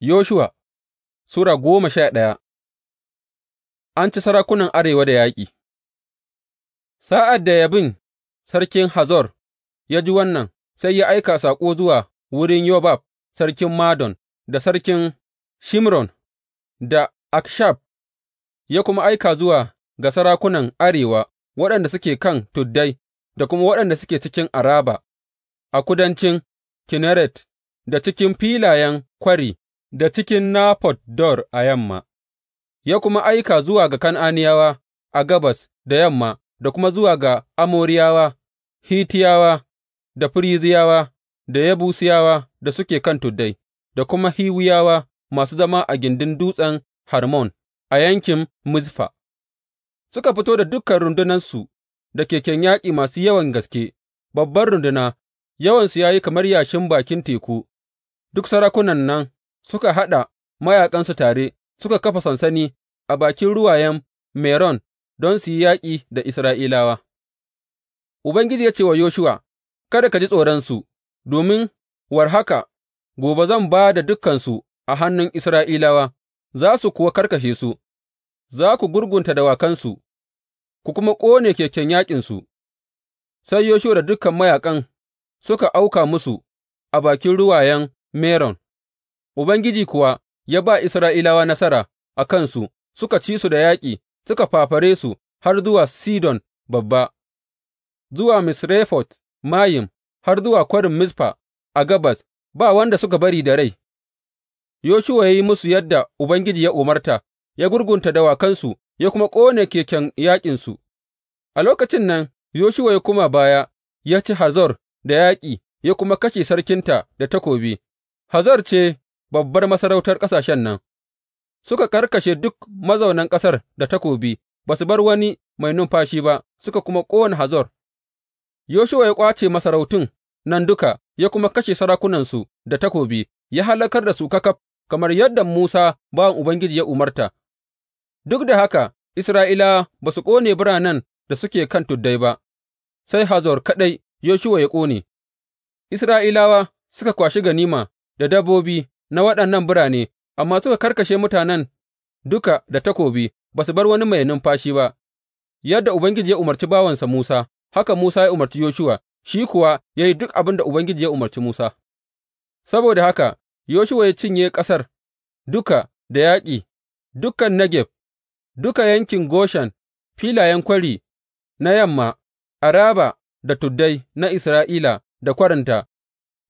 Yoshuwa Sura goma sha ɗaya An ci sarakunan arewa da yaƙi Sa'ad da Yabin sarkin Hazor ya ji wannan, sai ya aika saƙo zuwa wurin Yobab sarkin Madon da sarkin Shimron da Akshab, ya kuma aika zuwa ga sarakunan arewa waɗanda suke kan tuddai da kuma waɗanda suke cikin Araba, a kudancin Kinneret da cikin filayen kwari. da cikin Nafot Dor a yamma, ya kuma aika zuwa ga Kan'aniyawa a gabas da yamma da kuma zuwa ga Amoriyawa, hitiyawa, da firiziyawa, da yabusiyawa da suke kan tuddai, da kuma Hiwiyawa masu zama a gindin dutsen Harmon a yankin Mizfa. Suka fito da dukan rundunansu da keken yaƙi masu yawan gaske, babbar runduna, yawansu ya yi kamar yashin bakin teku, duk sarakunan nan suka haɗa mayaƙansu tare suka kafa sansani a bakin ruwayen Meron don su yi yaƙi da Isra'ilawa. Ubangiji ya ce wa Yoshuwa, Kada ka ji tsoronsu, domin war haka gobe zan ba da dukansu a hannun Isra'ilawa, za su kuwa karkashe su, za ku gurgunta dawakansu, ku kuma ƙone keken yaƙinsu. Sai Yoshuwa da dukan mayaƙan suka auka musu a bakin ruwayen Meron. Ubangiji kuwa ya ba Isra'ilawa nasara a kansu, suka ci su da yaƙi, suka fafare su har zuwa Sidon Babba, zuwa Misrefot Mayim, har zuwa kwarin Mizfa a gabas, ba wanda suka bari da rai. Yoshuwa ya yi musu yadda Ubangiji ya umarta, ya gurgunta dawakansu, ya kuma ƙone keken yaƙinsu. A lokacin nan, Yoshuwa ya kuma baya, ya ci Hazor da yaƙi, ya kuma kashe sarkinta da takobi. Hazor ce babbar masarautar ƙasashen nan, suka karkashe duk mazaunan ƙasar da takobi, ba su bar wani mai numfashi ba, suka kuma ƙona Hazor. Yoshuwa ya ƙwace masarautun nan duka, ya kuma kashe sarakunansu da takobi, ya halakar da su kakaf, kamar yadda Musa bawan Ubangiji ya umarta. Duk da haka, Isra'ilawa ba su ƙone biranen da suke kan tuddai ba, sai Hazor kaɗai Yoshuwa ya ƙone. Isra'ilawa suka kwashi ganima da dabbobi na waɗannan birane, amma suka karkashe mutanen duka da takobi, ba su bar wani mai numfashi ba, yadda Ubangiji ya umarci bawansa Musa, haka Musa ya umarci Yoshuwa, shi kuwa ya yi duk abin da Ubangiji ya umarci Musa. Saboda haka, Yoshuwa ya cinye ƙasar duka da yaƙi, dukan Negeb, duka yankin Goshen, filayen kwari na yamma, Araba da tuddai na Isra'ila da kwaranta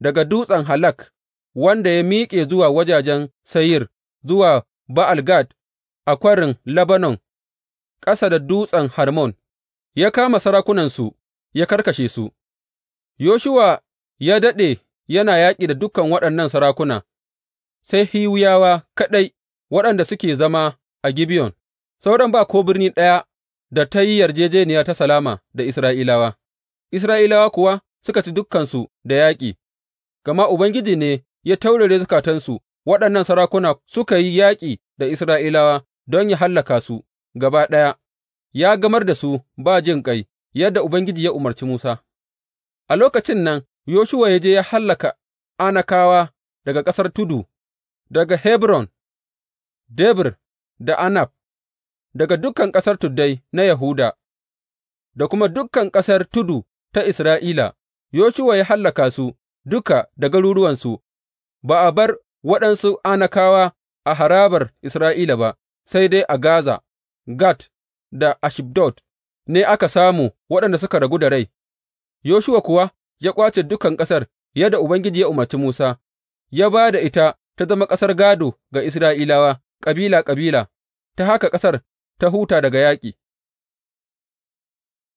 daga dutsen Halak wanda ya miƙe zuwa wajajen sayir zuwa Ba'al Gad a kwarin Lebanon, ƙasa da dutsen Harmon, ya kama sarakunansu, ya karkashe su. Yoshuwa ya daɗe yana yaƙi da dukan waɗannan sarakuna, sai Hiwiyawa kaɗai waɗanda suke zama a Gibeon, sauran ba ko birni ɗaya da ta yi yarjejeniya ta salama da Isra'ilawa, Isra'ilawa kuwa suka ci dukansu da yaƙi, gama Ubangiji ne ya taurare zukatansu, waɗannan sarakuna suka yi yaƙi da Isra'ilawa don yă hallaka su gaba ɗaya, ya gamar da su ba jin ƙai yadda Ubangiji ya umarci Musa. A lokacin nan, Yoshuwa ya je ya hallaka Anakawa daga ƙasar tudu, daga Hebron, Debir da Anab, daga dukan ƙasar tuddai na Yahuda, da kuma dukan ƙasar tudu ta Isra'ila, Yoshuwa ya hallaka su duka da garuruwansu Ba a bar waɗansu Anakawa a harabar Isra'ila ba, sai dai a Gaza, Gat da Ashibdot ne aka samu waɗanda suka ragu da rai, Yoshuwa kuwa ya ƙwace dukan ƙasar yadda Ubangiji ya umarci Musa, ya ba da ita ta zama ƙasar Gado ga Isra'ilawa, ƙabila-ƙabila, ta haka ƙasar ta huta daga yaƙi.